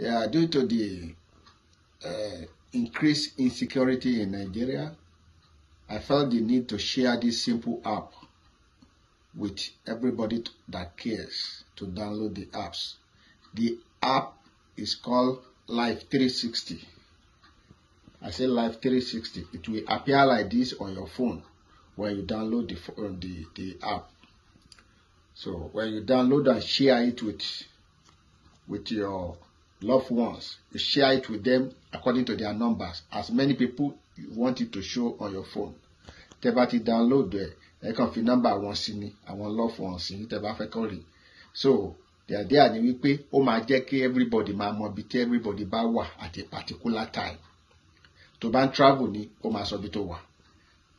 Yeah, due to the uh, increased insecurity in Nigeria, I felt the need to share this simple app with everybody that cares to download the apps. The app is called Life 360. I say Life 360. It will appear like this on your phone when you download the, um, the, the app. So when you download and share it with, with your loved ones. You share it with them according to their numbers. As many people you want it to show on your phone. Tẹ́ bá ti download ẹ̀ ẹ kàn fi number wọn sí ni àwọn loved ones ní tẹ́ bá fẹ́ kọ́ rí. So dẹ̀dẹ̀ àní wípé ó máa jẹ́ kí everybody máa mọ ibi tí everybody bá wà at a particular time. Tó bá ń travel ni ó máa sọ ibi tó wà.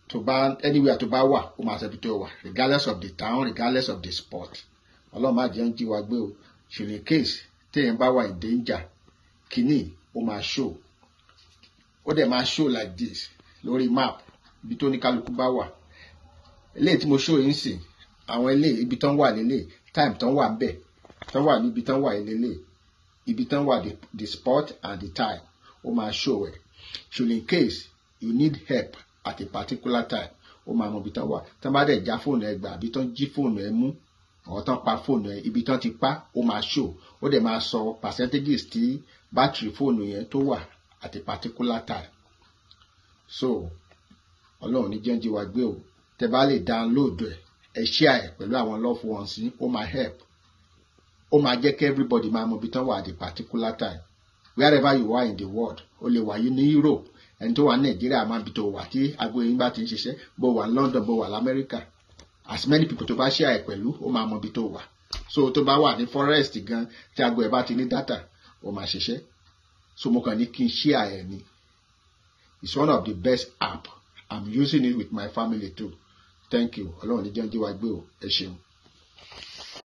Tó bá anywhere tó bá wà ó máa sọ ibi tó wà regardless of the town regardless of the spot. Ọlọ́run má jẹun jí wa gbé o. Ṣùgbọ́n case téèyàn bá wà in danger kínní ó máa show ó dẹ̀ máa show like this lórí map ibi tó ní kálukú bá wà eléyìí tí mo show yín sìn àwọn eléyìí ibi tán wà lélẹ̀ time tán wà bẹ̀ tán wà níbi tán wà lélẹ̀ ibi tán wà the spot and the time ó máa show ẹ̀ should in case you need help at a particular time ó máa mọ ibi tán wà tán bá dẹ̀ já fóònù ẹ gbà àbí tán jí fóònù ẹ mú àwọn tán pa fóònù yẹn ibi tán ti pa ó máa ṣò ó dẹ̀ máa sọ percentages tí bátìrì fóònù yẹn tó wà àti particular time so ọlọ́run ní jẹ́ ń jí wa gbé o tẹ bá lè download ẹ̀ ẹ share ẹ̀ pẹ̀lú àwọn love ones yín ó máa help ó máa jẹ́ kí everybody máa mọ ibi tán wà àti particular time wherever you are in the world o lè wà yín ní Europe ẹni tó wà ní Nàìjíríà máa bi tó wà tí agbo bá ti ń ṣiṣẹ́ bó wà London bó wà ní as many people tó bá share ẹ̀ pẹ̀lú ó máa mọ ibi tó wà so tó bá wà ní forest gan tí aago ẹ̀ bá ti ní data ó máa ṣiṣẹ́ so mo kàn ní kí n share ẹ̀ ni it's one of the best app i'm using it with my family too thank you ọlọ́run ní jẹ́ ń jí wa gbé o ẹ ṣeun.